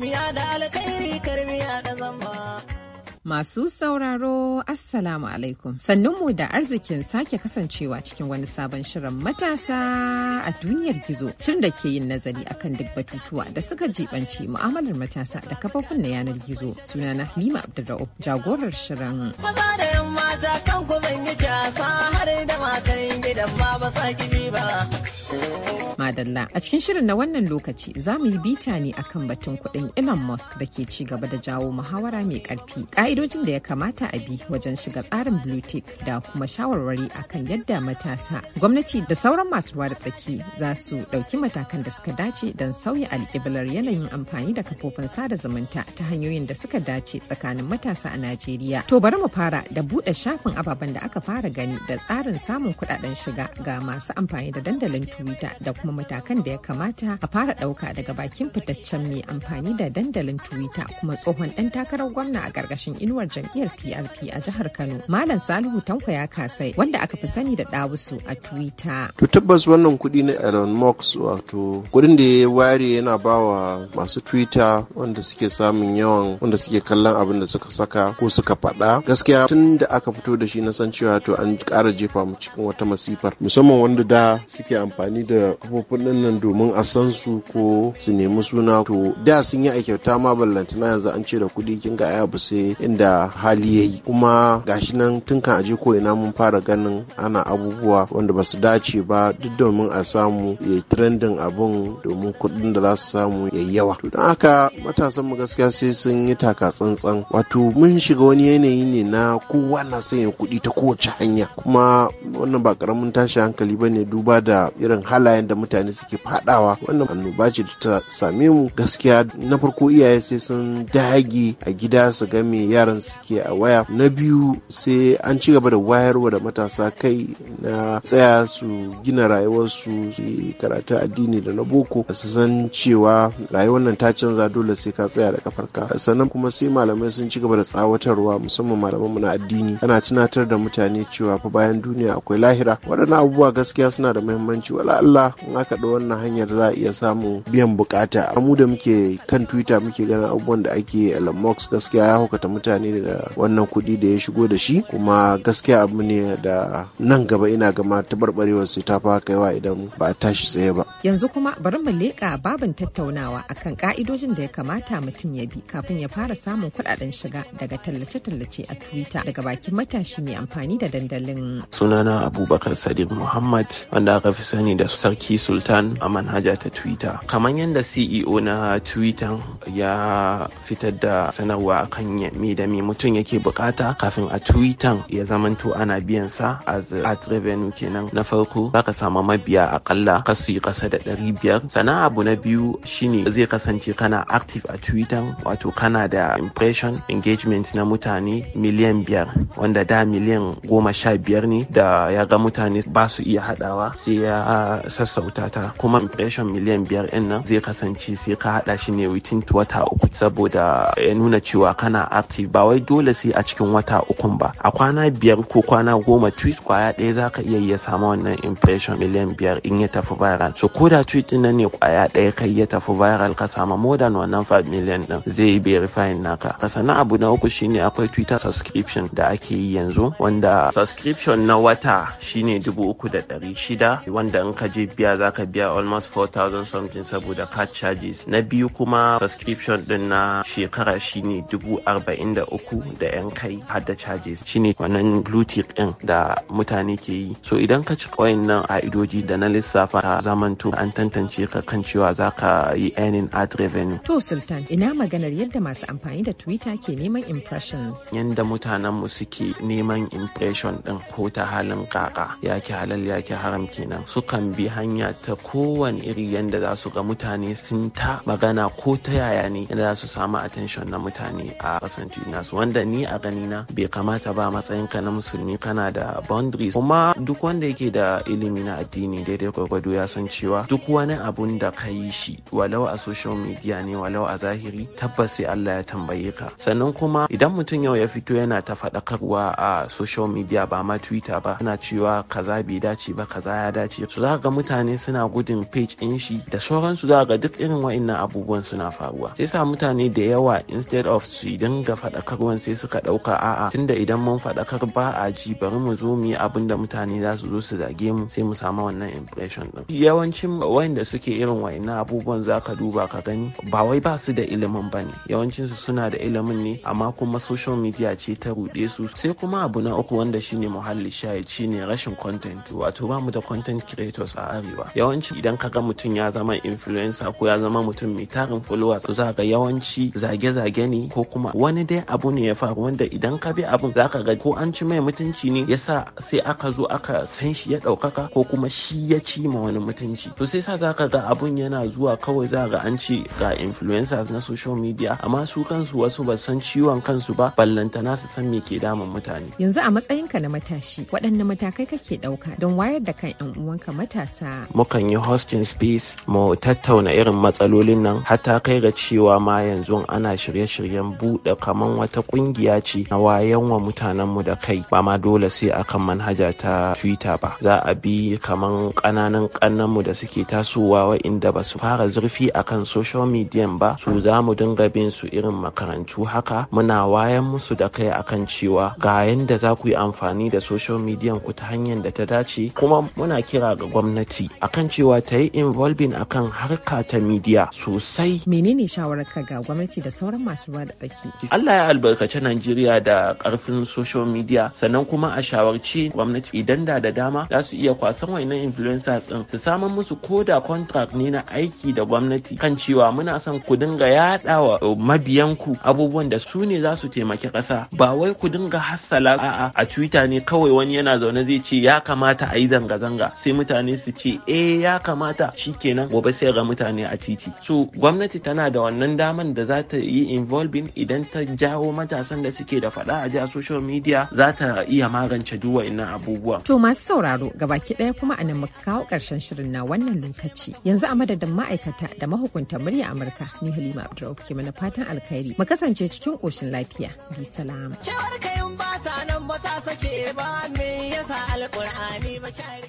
miya da alkhairi da zamba. Masu sauraro Assalamu alaikum sannunmu da arzikin sake kasancewa cikin wani sabon shirin matasa a duniyar gizo shirin da ke yin nazari akan duk batutuwa da suka jibanci mu'amalar matasa da kafofin na yanar gizo suna na Halima Abdulra'u jagorar shirin. Maza da yamma mata kan zan yi jasa har da matan gidan ma ba sa ba. dalla a cikin shirin na wannan lokaci za mu yi bita ne akan batun kuɗin Elon Musk da ke ci gaba da jawo muhawara mai ƙarfi ƙa'idojin da ya kamata a bi wajen shiga tsarin blue tick da kuma shawarwari akan yadda matasa gwamnati da sauran masu ruwa da tsaki za su ɗauki matakan da suka dace don sauya alƙiblar yanayin amfani da kafofin sada zumunta ta hanyoyin da suka dace tsakanin matasa a Najeriya. To bari mu fara da buɗe shafin ababen da aka fara gani da tsarin samun kuɗaɗen shiga ga masu amfani da dandalin Twitter da kuma matakan da ya kamata a fara ɗauka daga bakin fitaccen mai amfani da dandalin Twitter kuma tsohon ɗan takarar gwamna a gargashin inuwar jam'iyyar PRP a jihar Kano. Malam Salihu Tanko ya kasai wanda aka fi sani da dawusu a Twitter. To tabbas wannan kuɗi na Elon Musk wato kuɗin da ya ware yana ba wa masu Twitter wanda suke samun yawan wanda suke kallon abin da suka saka ko suka faɗa. Gaskiya tun da aka fito da shi na san cewa to an ƙara jefa mu cikin wata masifar musamman wanda da suke amfani da Kudin nan domin a san su ko su nemi suna to da sun yi a kyauta ma ballantana yanzu an ce da kuɗi kin ga aya bu sai inda hali yayi kuma gashi nan tun kan aje ko ina mun fara ganin ana abubuwa wanda ba su dace ba duk domin a samu ya trendin abun domin kudin da za su samu ya yawa to don haka matasan mu gaskiya sai sun yi taka tsantsan wato mun shiga wani yanayi ne na kowa na sanya kuɗi ta kowace hanya kuma wannan ba karamin tashi hankali ba duba da irin halayen da mutane mutane suke fadawa wannan annoba ce da ta same mu gaskiya na farko iyaye sai sun dage a gida su ga me yaran suke a waya na biyu sai an ci gaba da wayarwa da matasa kai na tsaya su gina rayuwarsu su karatu addini da na boko su san cewa rayuwar nan ta canza dole sai ka tsaya da kafarka sannan kuma sai malamai sun ci gaba da tsawatarwa musamman mu na addini ana tunatar da mutane cewa fa bayan duniya akwai lahira waɗannan abubuwa gaskiya suna da muhimmanci wala Allah in aka karkaɗo wannan hanyar za a iya samun biyan bukata mu da muke kan twitter muke ganin abubuwan da ake Elon Musk gaskiya ya hukata mutane da wannan kuɗi da ya shigo da shi kuma gaskiya abu ne da nan gaba ina gama taɓarɓarewar su ta fara kaiwa idan ba a tashi tsaye ba yanzu kuma bari mu leƙa babin tattaunawa akan ka'idojin da ya kamata mutum ya bi kafin ya fara samun kuɗaɗen shiga daga tallace-tallace a twitter daga bakin matashi mai amfani da dandalin sunana abubakar sadiq muhammad wanda aka fi sani da sarki sultan rahoton a manhaja ta twitter kamar yadda ceo na twitter ya fitar da sanarwa a kan me da me mutum yake bukata kafin a twitter ya zamanto ana biyan sa as at revenue kenan na farko zaka samu mabiya akalla kasu yi kasa da ɗari biyar sannan abu na biyu shine zai kasance kana active a twitter wato kana da impression engagement na mutane miliyan biyar wanda da miliyan goma sha biyar ne da ya ga mutane ba su iya hadawa sai ya sassauta wata kuma impression miliyan biyar ɗin nan zai kasance sai ka haɗa shi ne within wata uku saboda ya nuna cewa kana active ba wai dole sai a cikin wata ukun ba a kwana biyar ko kwana goma tweet kwaya ɗaya za ka iya ya samu wannan impression miliyan biyar in ya tafi viral so ko da tweet ɗin nan ne kwaya ɗaya kai ya tafi viral ka samu more than wannan 5 million ɗin zai verify naka ka sannan abu na uku shine akwai twitter subscription da ake yi yanzu wanda subscription na wata shine dubu uku da ɗari shida wanda in ka je biya za ka biya almost 4000 something saboda card charges na biyu kuma subscription din na shekara shine dubu da uku da yan kai har da charges shine wannan blue tick din da mutane ke yi so idan ka ci kwayan nan a idoji da na lissafa a zamanto an tantance ka kan cewa za ka yi earning ad revenue to sultan ina maganar yadda masu amfani da twitter ke neman impressions yadda mutanen mu suke neman impression din ko ta halin kaka yake halal yake haram kenan sukan bi hanya ta kowane iri yadda za su ga mutane sun ta magana ko ta yaya ne yadda za su samu attention na mutane a kasan nasu wanda ni a ganina bai kamata ba matsayin ka na musulmi kana da boundaries kuma duk wanda yake da ilimi na addini daidai gwargwado ya san cewa duk wani abun da ka yi shi walau a social media ne walau a zahiri tabbas sai Allah ya tambaye ka sannan kuma idan mutum yau ya fito yana ta faɗakarwa a social media ba ma twitter ba ana cewa kaza bai dace ba kaza ya dace su za ga mutane suna yana gudun page in shi da sauransu za ga duk irin wa'annan abubuwan suna faruwa sai sa mutane da yawa instead of su dinga faɗakarwan sai suka ɗauka a'a tunda idan mun faɗakar ba a ji bari mu zo mu yi abin da mutane za su zo su zage mu sai mu samu wannan impression din yawancin wa'anda suke irin wa'annan abubuwan za ka duba ka gani ba wai ba su da ilimin ba ne yawancinsu suna da ilimin ne amma kuma social media ce ta ruɗe su sai kuma abu na uku wanda shine muhalli shaye shine rashin content wato ba mu da content creators a arewa yawanci idan ka ga mutum ya zama influencer ko ya zama mutum mai tarin followers to za ga yawanci zage-zage ne ko kuma wani dai abu ne ya faru wanda idan ka bi abun za ka ga ko an ci mai mutunci ne yasa sai aka zo aka san shi ya ɗaukaka ko kuma shi ya ci ma wani mutunci to sai sa za ka ga abun yana zuwa kawai za ga an ci ga influencers na social media amma su kansu wasu ba san ciwon kansu ba ballantana su san me ke damun mutane yanzu a matsayinka na matashi waɗanne matakai kake ɗauka don wayar da kan 'yan uwanka matasa kan yi hosting space mu tattauna irin matsalolin nan hatta kai ga cewa ma yanzu ana shirye-shiryen buɗe kaman wata ƙungiya ce na wayan wa mutanen mu da kai ba ma dole sai akan manhaja ta Twitter ba za a bi kaman ƙananan ƙannan mu da suke tasowa wa'inda ba su fara zurfi akan social media ba su za mu dinga bin su irin makarantu haka muna wayan musu da kai akan cewa ga yanda za ku yi amfani da social media ku ta hanyar da ta dace kuma muna kira ga gwamnati akan kasancewa cewa ta yi involving kan harka ta midiya sosai menene shawarar ka ga gwamnati da sauran masu ruwa da tsaki Allah ya albarkaci Najeriya da karfin social media sannan kuma a shawarci gwamnati idan da da dama za su iya kwasan wainan influencers din su samun musu ko da contract ne na aiki da gwamnati kan cewa muna son ku dinga yada wa mabiyanku abubuwan da su ne za su taimaki ƙasa ba wai ku dinga hassala a'a a Twitter ne kawai wani yana zaune zai ce ya kamata a yi zanga-zanga sai mutane su ce eh ya kamata shi kenan gobe sai ga mutane a titi so gwamnati tana da wannan daman da za ta yi involving idan ta jawo matasan da suke da faɗa a ja social media za ta iya magance duk wa'annan abubuwa to masu sauraro gabaki ɗaya kuma a nan muka kawo karshen shirin na wannan lokaci yanzu a madadin ma'aikata da mahukunta murya amurka ni halima Abdulrauf ke mana fatan alkhairi mu kasance cikin koshin lafiya bi salama. kewar kayan bata nan ba ta sake ba me yasa alƙur'ani ba